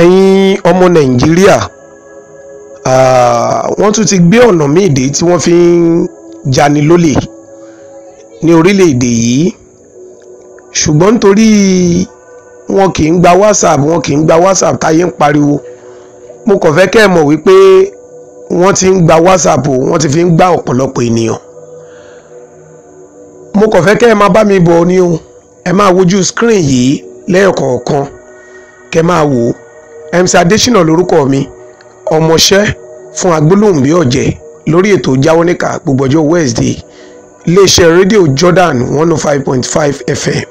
ẹ̀yin ọmọ nàìjíríà wọ́n tún ti gbé ọ̀nà míì dé tí wọ́n fi ń jani lólè ní orílẹ̀-èdè yìí ṣùgbọ́n nítorí wọn kì í gba whatsapp wọn kì í gba whatsapp táyé ń pariwo mo kàn fẹ́ kẹ́ ẹ mọ̀ wípé wọ́n ti ń gba whatsapp o wọ́n ti fi ń gba ọ̀pọ̀lọpọ̀ ènìyàn mo kàn fẹ́ kẹ́ ẹ máa bá mi bọ̀ ni o ẹ máa wojú screen yìí lẹ́yọ̀kọ̀ọ̀kan kẹ́ máa wò ó MC Adésínà lórúkọ mi ọmọọṣẹ́ fún agbólóhùn bí ọ̀jẹ̀ lórí ètò jáwọ́ níkà gbogbo Wednesday iléeṣẹ́ rédíò Jordan one oh five point five FM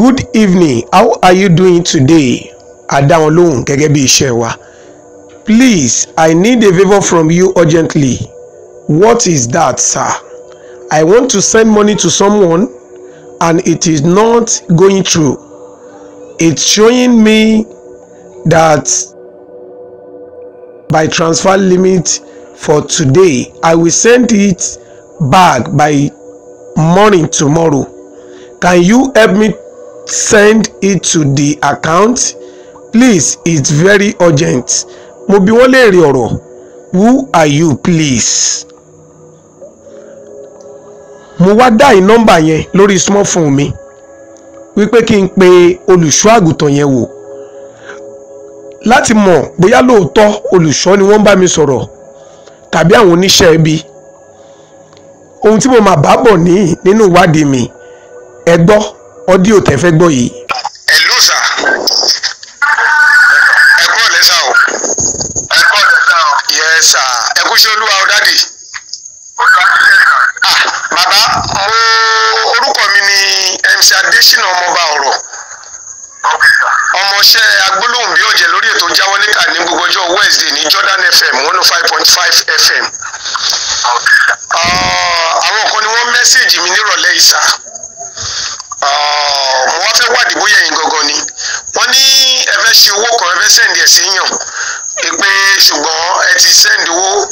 good evening how are you doing today adáwọn lóhùn gẹ́gẹ́ bí iṣẹ́ wa please I need a favour from you urgently what is that sir I want to send money to someone and it is not going through it's showing me that by transfer limit for today i will send it back by morning tomorrow can you help me send it to the account please it's very urgent mo bi wọ́n léèrè ọ̀rọ̀ who are you please mo wá dáì nọ́mbà yẹn lórí smartphone mi wípé kí n pe olùṣọ́ àgùntàn yẹn wò láti mọ̀ bóyá lóòótọ́ olùṣọ́ ni wọ́n bá mi sọ̀rọ̀ tàbí àwọn oníṣẹ́ ibi ohun tí mo máa bá bọ̀ ní nínú ìwádìí mi ẹ gbọ́ ọdí òtẹ́ fẹ́ gbọ́ yìí. ẹ ló sà ẹ kúrò lẹ́sà o ẹ kúrò lẹ́sà o yẹ sà ẹ kú sí olúwa o dádì. Ah, bàbá mo orúkọ mi ni MC Adésínà ọmọọba ọ̀rọ̀ ìránṣẹ́ agbólóhùn bí ọ̀jẹ̀ lórí ètò jáwọ́lékà ní gbogbo ọjọ́ Wednesday ní Jordan FM one oh five point five FM. Ah, àwọn kan ni wọ́n mẹ́sẹ̀gì mi nírọ̀lẹ́ ìsà ah, mo wá fẹ́ wádìí bóyá ẹ̀yin gangan ni wọ́n ní ẹ fẹ́ ṣe owó kan ẹ fẹ́ sẹ́ǹdì ẹ̀ séyàn pé ṣùgbọ́n ẹ ti sẹ́ǹdì owó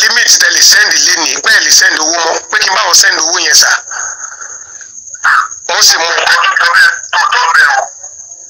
limit tẹ̀lé sẹ́ǹdì lénìí pé ẹ lè sẹ́ǹdì owó mọ́ pé kí n bá wọn sẹ́ǹdì owó yẹn sà wọ́n sì mú un.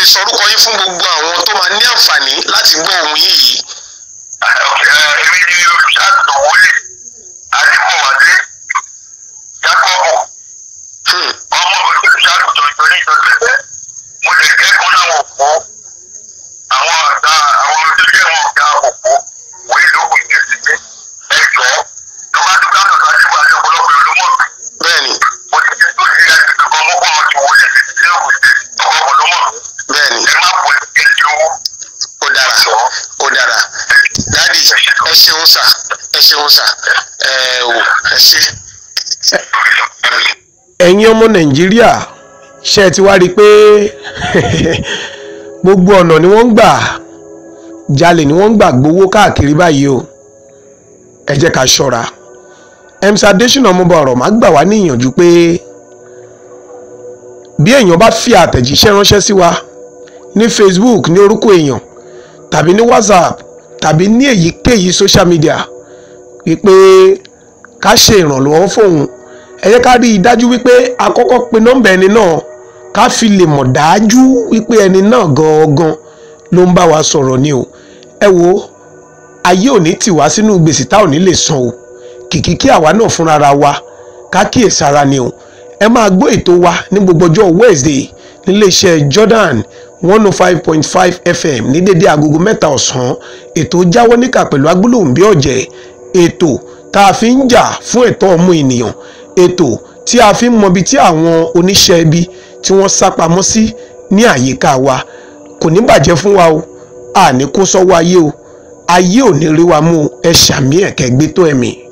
lè sọ yín fún gbogbo àwọn tó máa ní àǹfààní láti gbọ́ ohùn yín yìí. Ah, ah, èmi ni olùṣàtò wọlé ṣeun sà ẹ ṣeun sà ẹ ò ẹ ṣe. ẹ̀yin ọmọ nàìjíríà ṣe ti wá rí i pé gbogbo ọ̀nà ni wọ́n ń gbà jalè ni wọ́n ń gbà gbowó káàkiri báyìí o ẹ jẹ́ ká ṣọ́ra emsa adesina ọmọọba ọ̀rọ̀ máa gbà wá ní ìyànjú pé bí èèyàn bá fi àtẹ̀jíṣẹ́ ránṣẹ́ sí wa ní Facebook ní orúkọ èèyàn tàbí ní WhatsApp tàbí ní èyíkéyìí social media wípé ká ṣe ìrànlọ́wọ́ fóun ẹ jẹ́ ká rí i dájú wípé a pe nọ́mbà ẹni náà ká fi lè mọ̀ dájú wípé ẹni náà gangan ló ń bá wa sọ̀rọ̀ ni o ẹ wo ayé ò ní tì wá sínú gbèsè tá ò ní lè san o kìkì kí àwa náà fúnra wa ká kíyèsára ni o ẹ máa gbọ́ ètò wa ní gbogbo ọjọ́ Wednesday níléeṣẹ́ Jordan one oh five point five FM ní dédé agogo mẹ́ta ọ̀sán ètò jáwọ́ níkà pẹ̀lú agbólóhùnbí ọ̀jẹ̀ ètò tá a fi ń jà fún ẹ̀tọ́ ọmọ ènìyàn ètò tí a fi ń mọbi tí àwọn oníṣẹ́ ibi tí wọ́n sá pamọ́ sí ní àyíká wa kò ní bàjẹ́ fún wa o àní kó sọ́wọ́ ayé o ayé ò ní rí wa mú ẹ ṣàmì ẹ̀kẹ́ gbé tó ẹ̀mí.